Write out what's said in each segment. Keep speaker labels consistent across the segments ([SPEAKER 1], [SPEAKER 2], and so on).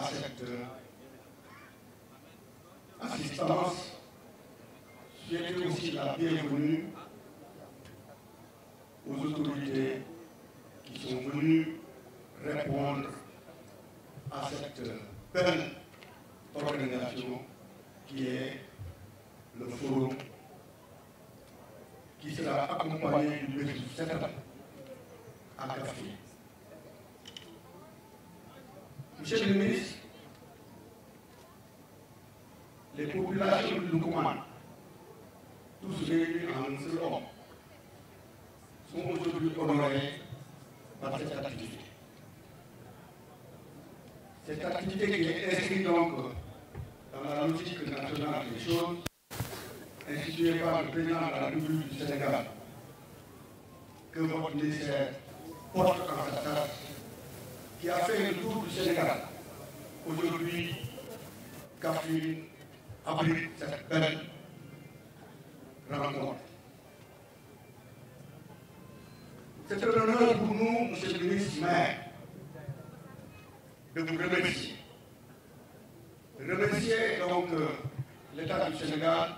[SPEAKER 1] à cette assistance. Souhaiter aussi la bienvenue aux autorités qui sont venues répondre à cette belle organisation qui est le forum qui sera accompagné du Bénin cette année à Kaffi. Monsieur le commande, tous réunis en un seul homme, sont aujourd'hui honorés par cette activité. Cette activité qui est inscrite donc dans la logique nationale des choses, instituée par le président de la République du Sénégal, que votre ministère porte en sa tâche, qui a fait le tour du Sénégal, aujourd'hui, en plus cette belle rencontre. C'est un honneur pour nous, Monsieur le ministre maire, de vous remercier. Remercier donc euh, l'État du Sénégal,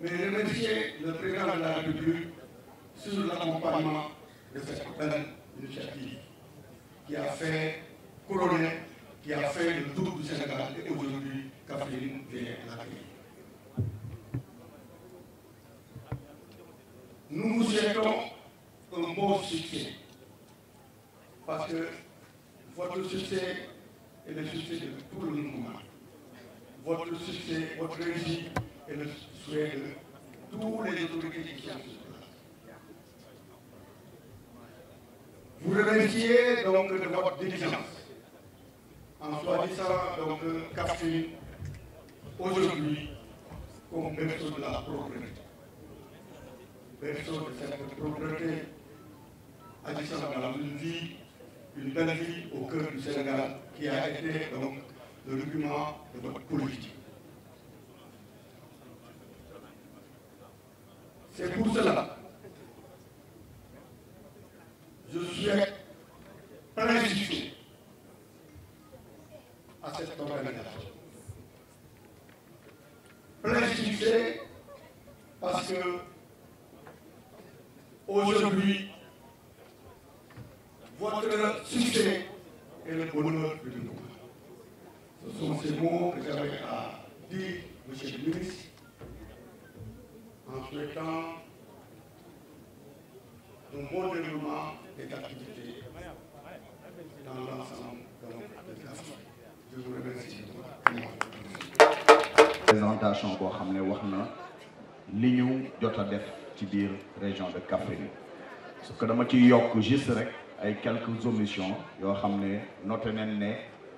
[SPEAKER 1] mais remercier le président de la République sur l'accompagnement de cette belle initiative qui a fait couronner, qui a fait le tour du Sénégal et aujourd'hui Kaffrine gagné la Nous nous souhaitons un bon succès parce que votre succès est le succès de tout le mouvement. Votre succès, votre réussite est le souhait tous les autorités qui sont sur place. donc de votre diligence en choisissant donc Kaffrine aujourd'hui comme berceau de la propreté. Berceau de cette propreté, Addis Ababa nous dit du Sénégal qui a été donc le document de votre politique. C'est pour cela
[SPEAKER 2] présentation boo xam ne wax na li ñu jot a def ci biir région de Kaffrine su ko dama ci yokk juste rek ay quelques omissions yoo xam ne noté nañ ne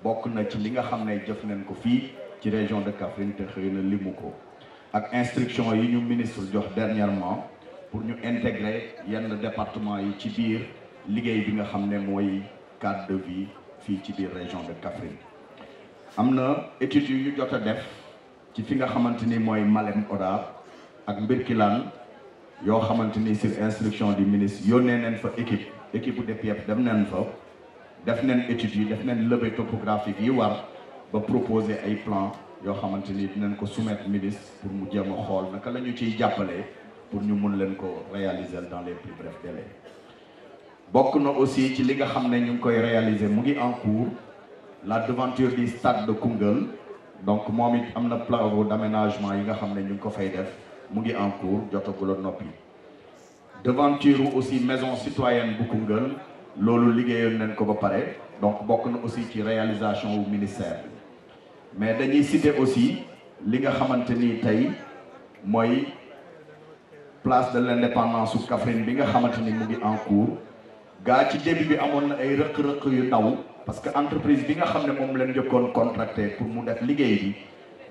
[SPEAKER 2] bokk na ci li nga xam ne jëf nañ ko fii ci région de Kaffrine te xëy na limu ko ak instruction yi ñu ministre jox dernièrement pour ñu intégrer yenn département yi ci biir liggéey bi nga xam ne mooy cadre de vie fii ci biir région de Kaffrine am na études yu ñu jot a def ci fi nga xamante ni mooy Malem Hodar ak Mbirkilaan yoo xamante ni sur instruction du ministre yónnee neen fa équipe équipe bu DPIEF dem neen fa def neen études def neen levée topographique yi war ba proposer ay plan yoo xamante ni dinañ ko soumettre ministre pour mu jéem xool naka lañu ñu ciy jàppalee pour ñu mun leen ko réaliser dans les plus brefs délais bokk na aussi ci li nga xam ne ñu ngi koy réaliser mu ngi en cours la devanture du stade de Koungheul donc moom it am na plan d'aménagement yi nga xam ne ñu ngi ko fay def mu ngi en cours jotagul a noppi devanture aussi maison citoyenne bu Koungheul loolu liggéeyoon nañ ko ba pare donc bokk na aussi ci réalisation wu ministère mais dañuy citer aussi li nga xamante ni tey mooy place de l'indépendance su Kaffrine bi nga xamante ni mu ngi en cours gaa ci début bi amoon na ay rëq-rëq yu ndaw parce que entreprise bi nga xam ne moom leen jëkkoon contracté pour mu def liggéey bi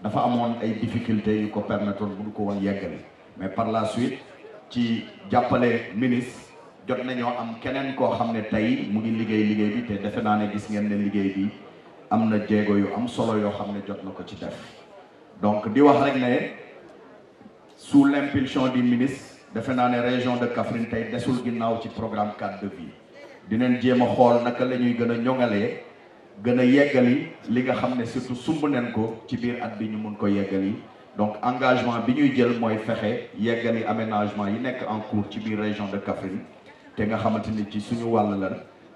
[SPEAKER 2] dafa amoon ay difficultés yu ko permettre bu ko woon yeggale mais par la suite ci jàppale ministre jot nañoo am keneen koo xam ne tey mu ngi liggéey liggéey bi te defe naa ne gis ngeen ne liggéey bi am na jéego yu am solo yoo xam ne jot na ko ci def donc di wax rek ne sous l' impulsion du ministre defe naa ne région de Kaffrine tey desul ginnaaw ci programme cadre de vie dinañ jéem a xool naka la ñuy gën a ñoŋalee gën a yeggali li nga xam ne surtout sumb neen ko ci biir at bi ñu mun ko yeggali donc engagement bi ñuy jël mooy fexe yeggali aménagement yi nekk en cours ci biir région de Kaffrine te nga xamante ni ci suñu wàll la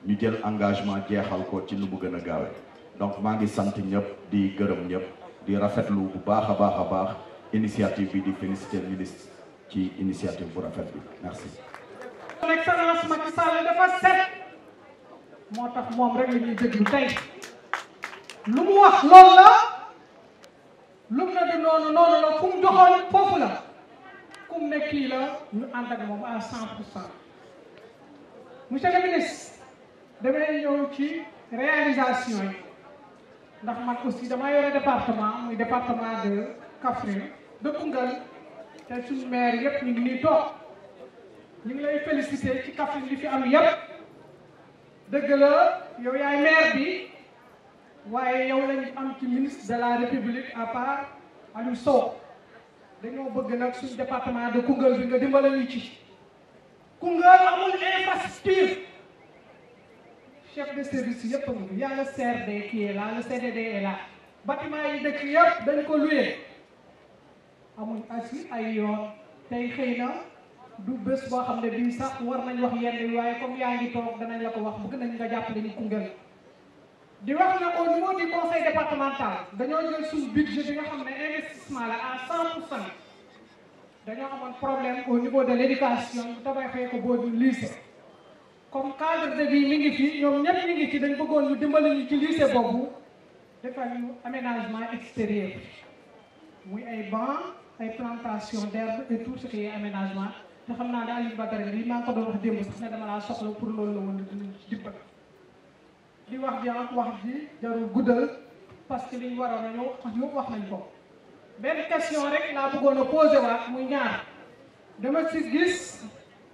[SPEAKER 2] ñu jël engagement jeexal ko ci lu mu gën a gaawe donc maa ngi sant ñëpp di gërëm ñëpp di rafetlu bu baax a baax a baax initiative bi di féliciter ministre ci initiative bu rafet bi merci.
[SPEAKER 3] Son moo tax moom rek la ñuy déglu tey lu mu wax loolu la lu mu ne du noonu noonu la fu mu doxoon foofu la ku mu ne kii la ñu ànd ak moom à cent pour cent monsieur le ministre damay ñëw ci réalisation yi ndax man aussi dama yore département muy département de Kaffrine de Koungheul te suñu maire yëpp ñu ngi nii toog ñu lay féliciter ci Kaffrine li fi am yëpp dëgg la yow yaay maire bi waaye yow lañu am ci ministre de la république à part Aliou Sow dañoo bëgg nag suñu département de Koungheul bi nga dimbale ñu ci Koungheul amul infrastructure chef de service yëpp amul y a le CRD qui est là le CDD dëkk yëpp dañ ko loué amuñ asi ay yoon tey xëy na du bés boo xam ne bii sax war nañ wax yenn yi waaye comme yaa ngi toog danañ la ko wax bëgg nañ nga jàppale ñu Koungheul di wax ne au niveau du conseil départemental dañoo jël suñu budget bi nga xam ne investissement la a cent pour cent dañoo amoon problème au niveau de l' éducation bu tabaxee ko boobu lycée comme cadre de vie mi ngi fi ñoom ñëpp mi ngi ci dañ bëggoon ñu dimbali ñu ci lycée boobu defal ñu aménagement extérieur muy ay banc ay plantation d' tout aménagement te naa ne Aliou Badara li maa ko doon wax démb sax ne dama laa soxla pour loolu la woon di bëgg di wax ji wax ji jarul guddal parce que liñ waroon a ñëw ñëpp wax nañ ko. benn question rek laa bëggoon a posé waat muy ñaar dama si gis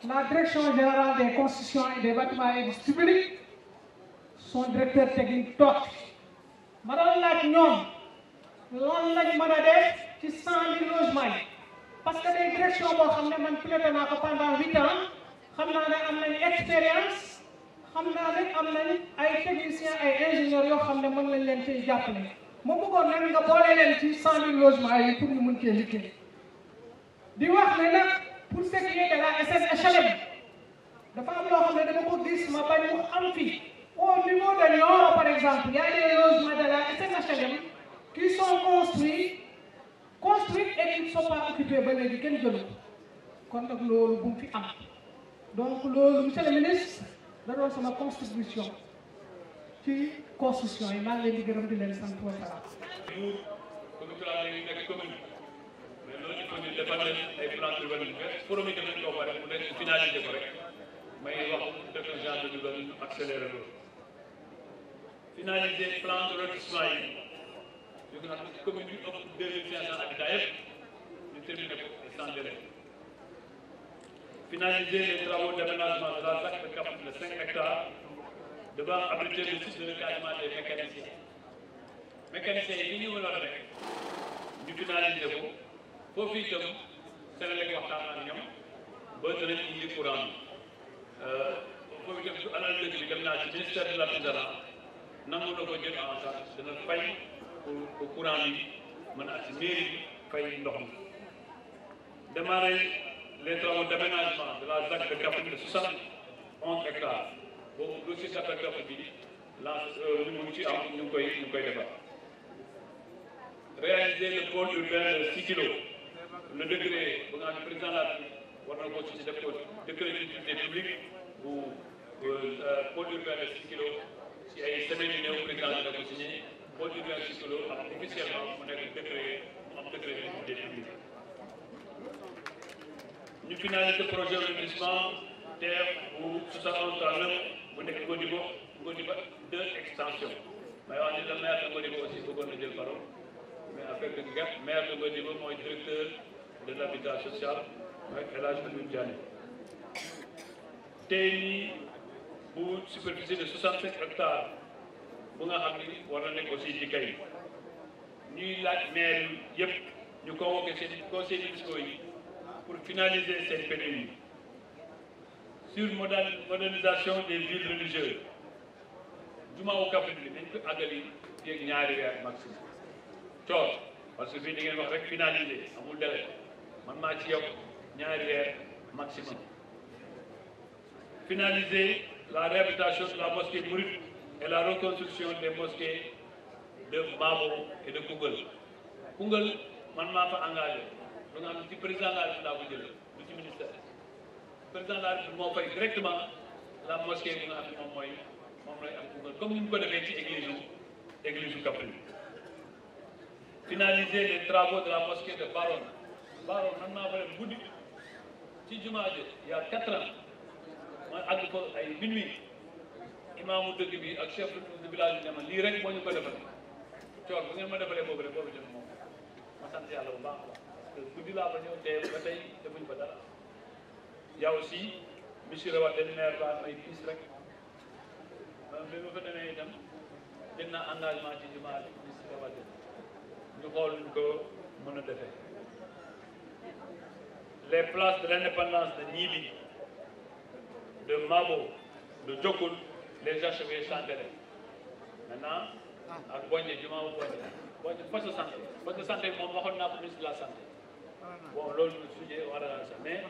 [SPEAKER 3] la direction générale des constructions et des bâtiments et du public son directeur technique toog ma doon laaj ñoom lan lañ mën a def ci cent mille logements yi. parce que day direction boo xam ne man piloté naa ko pendant xam naa ne am nañ expérience xam naa ne am nañ ay techniciens ay ingénieurs yoo xam ne mën lañ leen cee moo ma bëggoon nag nga boole leen ci cent mille logements yi pour ñu mën cee liggéey di wax ne nag pour ce qui est de la dafa am yoo xam ne dama ko gis ma bañ mu am fii au niveau de par exemple y a des logements de la SSHLM qui sont construits construite et qui ne sont pas occupées ba léegi kenn jëlu kon nag loolu bu mu fi am donc loolu monsieur le ministre da sama contribution ci constitution yi maa ngi leen di gërëm di leen sant wa salaam.
[SPEAKER 4] nous comité la ñu nekk commune mais loolu ñu ngi defar ay plans urbains promis nañ ko pare mu nekk finalisé ko rek may wax def genre de nouvelle accéléré loolu finaliser plan de lotissement yi. jóg na commune bi ëpp deux mille cinq cent habitants yëpp ñu terminé ko sans délai finaliser les travaux d'aménagement de la ZAC ¿eh? de cap de cinq hectares devant abriter le site de recasement des mécaniciens mécaniciens yi ñu war a rek ñu finaliser ko foofu itam seen lekk waxtaan ak ñoom ba danañ indi courant bi foofu itam su alal dëkk bi dem naa ci ministère de l'artisanat nangu na ko jël en charge dana fay pour courant bi mën a ci mairie bi fay ndox mi démarrer les travaux d'aménagement de la ZAC de Kaffrine de 71 hectares boobu dossier catastrophe bi lance euh, ñu mu ci am ñu ngi koy ñu ngi koy defar réaliser le pôle urbain de 6 kilos le décret ba nga xam ne président de la République war na ko ci def ko décret d'utilité publique bu euh, euh, pôle urbain de 6 kilos ci ay semaines yu néew président dina ko boo jógee ak si loolu xam officiellement mu nekk décret am décret de public ñu finalité projet d'investissement TER bu 71 bu nekk Godiba Godiba deux extension may wax ni la maire de Godiba aussi bëggoon na jël parole mais avec gerte maire de Godiba mooy directeur de l'habitat social mooy El Hadj Aliou Diané tey nii bu superficie de 65 hectares bu nga xam ni war na nekk aussi ci kayit ñuy laaj maire yëpp ñu convoqué seen conseil municipal yi pour finaliser seen PDI sur modernisation des villes religieuses juma wu Kaffrine bi dañ ko àggali ak ñaari weer maximum coor parce que fii da ngeen wax rek finaliser amul délai man maa ci yokk ñaari weer maximum finaliser la réhabilitation la mosquée mouride e la reconstruction des mosquées de Mbabo et de Koungheul Koungheul man maa fa engagé lu nga xam ne ci président de la République laa ko jëlee du ci ministère de la République moo fay la mosquée bi nga xam ne moom mooy moom lay am comme ni ñu ko defee ci église u église u Kaffrine finaliser les travaux de la mosquée de Baron Baron man maa fa dem guddi ci jumaa a quatre ans ma àgg ay minuit imaamu dëkk bi ak chef de village bi ne ma lii rek moo ñu ko defal coor bu ngeen ma defalee boobu rek boobu jëm moom ma sant yàlla bu baax a baax parce que guddi laa ba ñëw tey ba tey defuñ ko dara yow aussi monsieur le wàllu maire ba may piis rek bi ma fa demee itam jël naa engagement ci jumaa bi monsieur le wàllu ñu xool ñu ko mën a defee les places de l' indépendance de Niili de Mabo de Diokoul les archevêques santelé maintenant ah. ak boñe jumaa bu boñe boñe poste de santé poste de santé moom waxoon naa ko ministre de la santé bon loolu sujet war a sax mais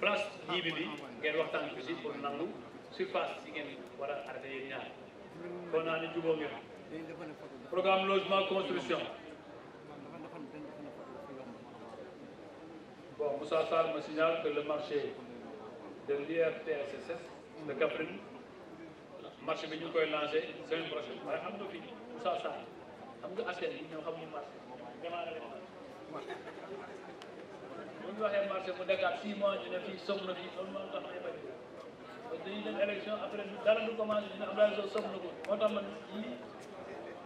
[SPEAKER 4] place ñii bi bi ah, ngeen waxtaan ko si pour nangu surface si ngeen war a arrêté yéen ñaar kon hmm. naa ne jubóo ngeen programme logement construction bon Moussa Sarr me signale que le marché de l'IRTSS de Kaffrine marché bi ñu ngi koy lancé semaine prochaine waaye am na fi Moussa Sarr xam nga askan bi ñoom xamuñu marché démarré bu ñu waxee marché mu Dakar 6 mois ñu ne fii somm na fii loolu moo tax may bañ parce que dañuy dem élection après dara du commencé ñu ne Abdoulaye Sow somm na ko moo tax man lii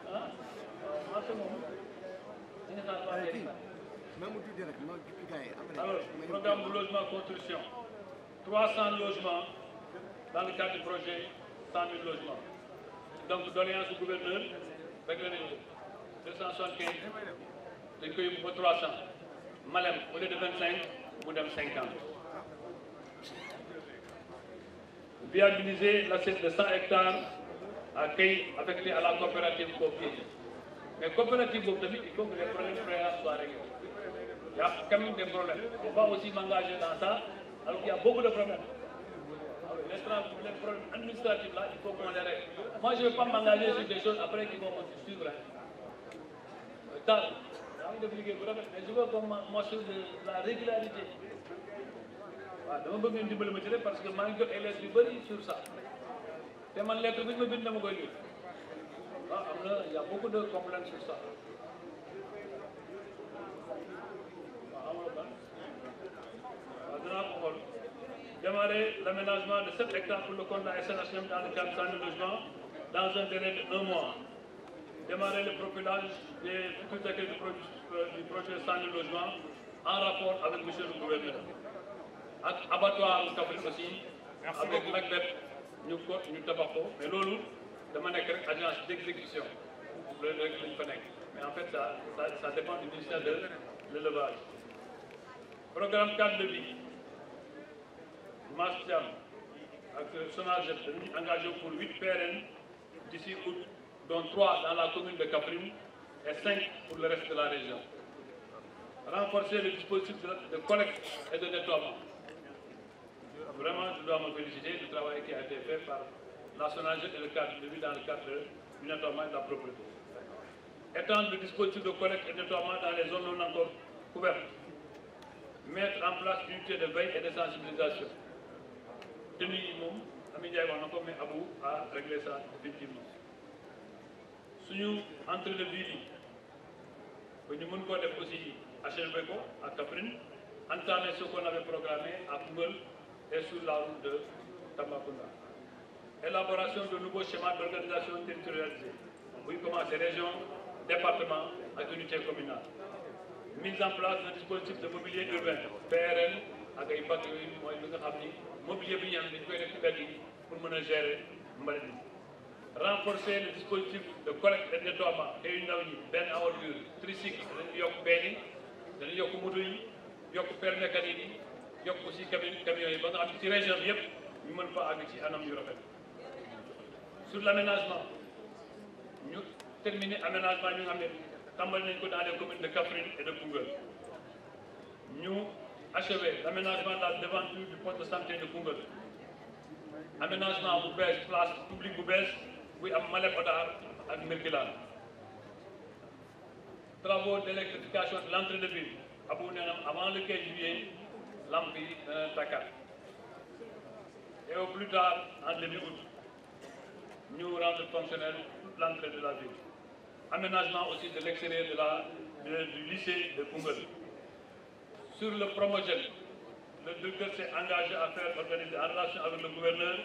[SPEAKER 4] ah marché moomu di nga xaar waa alors programme bu logement construction 300 logements dans le cadre du projet cent mille logements donc doléance du gouverneur réglé nañu deux cent soixante quinze dañ ko yóbbu ba trois cent Malem au lieu de vingt cinq mu dem cinquante viabiliser l'assiette de cent hectares à Kay affecté à la coopérative Kopi mais coopérative boobu tamit il faut que les problèmes préalables soient réglés y a quand même des problèmes il faut pas aussi m'engager dans ça y a beaucoup de problèmes restera pour les problèmes administratifs là, il faut qu'on les règle. Moi, des choses après qui vont suivre. Euh, Tant, mais je veux qu'on m'assure de la régularité. dama bëgg ngeen ma ci parce que maa ngi jot ay lettres yu bëri sur ça te man lettre bi ñu ma bind dama am na y' a beaucoup de démarrer l'aménagement de 7 hectares pour le compte de la SNHM dans le cadre de logement dans un délai de 1 mois. Démarrer le propulage des futurs accueils du, euh, du projet sans de logement en rapport avec M. le gouverneur. Ak abattoir lu Kaffrine aussi avec Macbeth ñu ko ñu tabax mais loolu dama nekk rek agence d'exécution loolu rek lañ fa nekk en fait ça ça ça dépend du ministère de l'élevage programme cadre de vie Mass Thiam ak de dañuy engagé pour huit PRN d'ici août dont trois dans la commune de Kaffrine et cinq pour le reste de la région renforcer le dispositif de collecte et de nettoiement vraiment je dois me féliciter du qui a été par la SONAGED et le cadre de vie dans le cadre de la propreté le dispositif de collecte dans les zones non encore couvertes mettre en place une de veille et de sensibilisation tenue yi moom Ami Ndiaye wax na ko mais Abou a réglé ça effectivement suñu entrée de ville yi ba ñu mën koo def aussi achevé ko à Kaffrine entamé ce qu'on avait programmé à Koungheul et sur la route de Tambacounda élaboration de nouveaux schémas d'organisation territorialisée buy commencé région département ak unité communale mise en place d'un dispositif de mobilier urbain PRL ak ay pàcc yooyu mooy li nga xam ni mobilier bi ñu am dañ koy def ci mbedd yi pour mën a gérer mbalit mi renforcer le dispositif de collecte et de nettoiement ndaw ñi benn envergure tricycle dañu yokk benn yi yokk moto yi yokk pelle mécanique yi yokk aussi camion yi ba nga xam ne ci région bi yëpp ñu mën fa àgg ci anam yu rafet sur l' aménagement ñu terminer aménagement ñu nga xam ne tàmbali nañ ko dans les de Kaffrine et de Koungheul ñu achevé l'aménagement de la devanture du poste santé de Koungheul aménagement bu bees place publique bu bees buy am Malem Hodar ak Birkelane travaux d'électrification de l'entrée de ville Abou Nenam avant le 15 juillet lamp yi euh, et au plus tard en début août ñu rendre fonctionnel l'entrée de la ville aménagement aussi de l'extérieur de la de, du lycée de Koungheul sur le promogène, le directeur s'est engagé à faire organiser en relation avec le gouverneur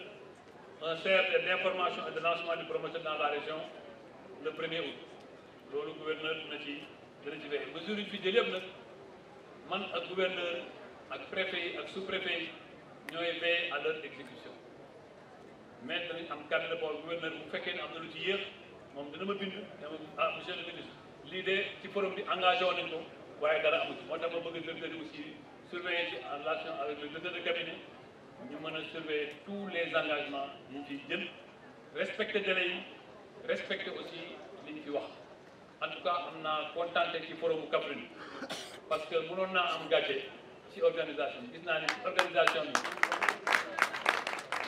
[SPEAKER 4] un CRT d'information et de lancement du promogène dans la région le 1er août. loolu gouverneur dina ci dina ci veillé mesures fi jël yëpp nag man a gouverneur ak préfet yi ak sous-préfet yi ñooy veillé à leur exécution mais tamit am cadre de bord gouverneur bu fekkee ne am na lu ci yéex moom dina ma bind ah ministre lii de ci forum bi engagé woon nañ ko. waaye dara amu moo tax ma bëgg nga gën aussi surveiller ci en relation avec le directeur de cabinet ñu mën a surveiller tous les engagements ñu ciy jël respecter délai yi respecter aussi li ñu wax en tout cas am naa kontaan ci parce que mënoon naa am gàcce ci organisation gis naa ne ci organisation bi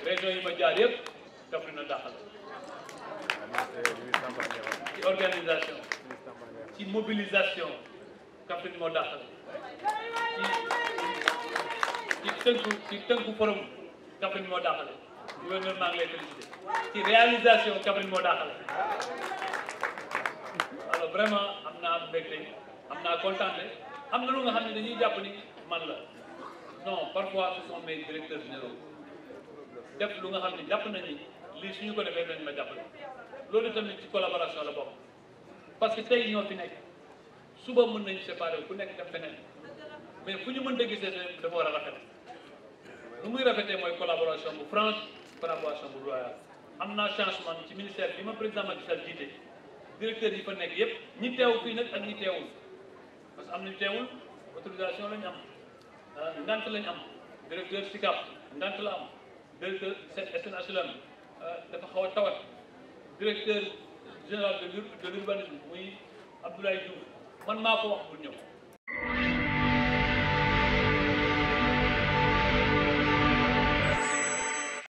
[SPEAKER 4] région yi ma jaar yëpp Kaffrine a dàqal ci organisation ci mobilisation Kaffrine moo dàq ci tënku ci tënku forum Kaffrine moo dàqale gouverneur maa ngi lay félicité ci réalisation Kaffrine moo dàqale alors vraiment am naa mbégte am naa kontaante am na lu nga xam ne dañuy jàpp ni man la non parfois ce sont mes directeurs généraux def lu nga xam ne jàpp nañu lii suñu ko defee dañ ma jàppale loolu tamit ci collaboration la bokk parce que tey ñoo fi nekk suba mën nañu séparé ku nekk def leneen mais fu ñu mën a gisee dafa war a rafet lu muy rafetee mooy collaboration bu France collaboration bu loyale am naa changement ci ministère bi ma président Macky Sall jiite directeur yi fa nekk yépp ñi teew fii nag ak ñi teewul parce que am nañu teewul autorisation lañu am euh, ngant lañu am directeur SICAP ngant la am directeur SNHLM euh, dafa xaw a tawat directeur général de l'urbanisme muy Abdoulaye Diouf man maa ko wax bu ñëw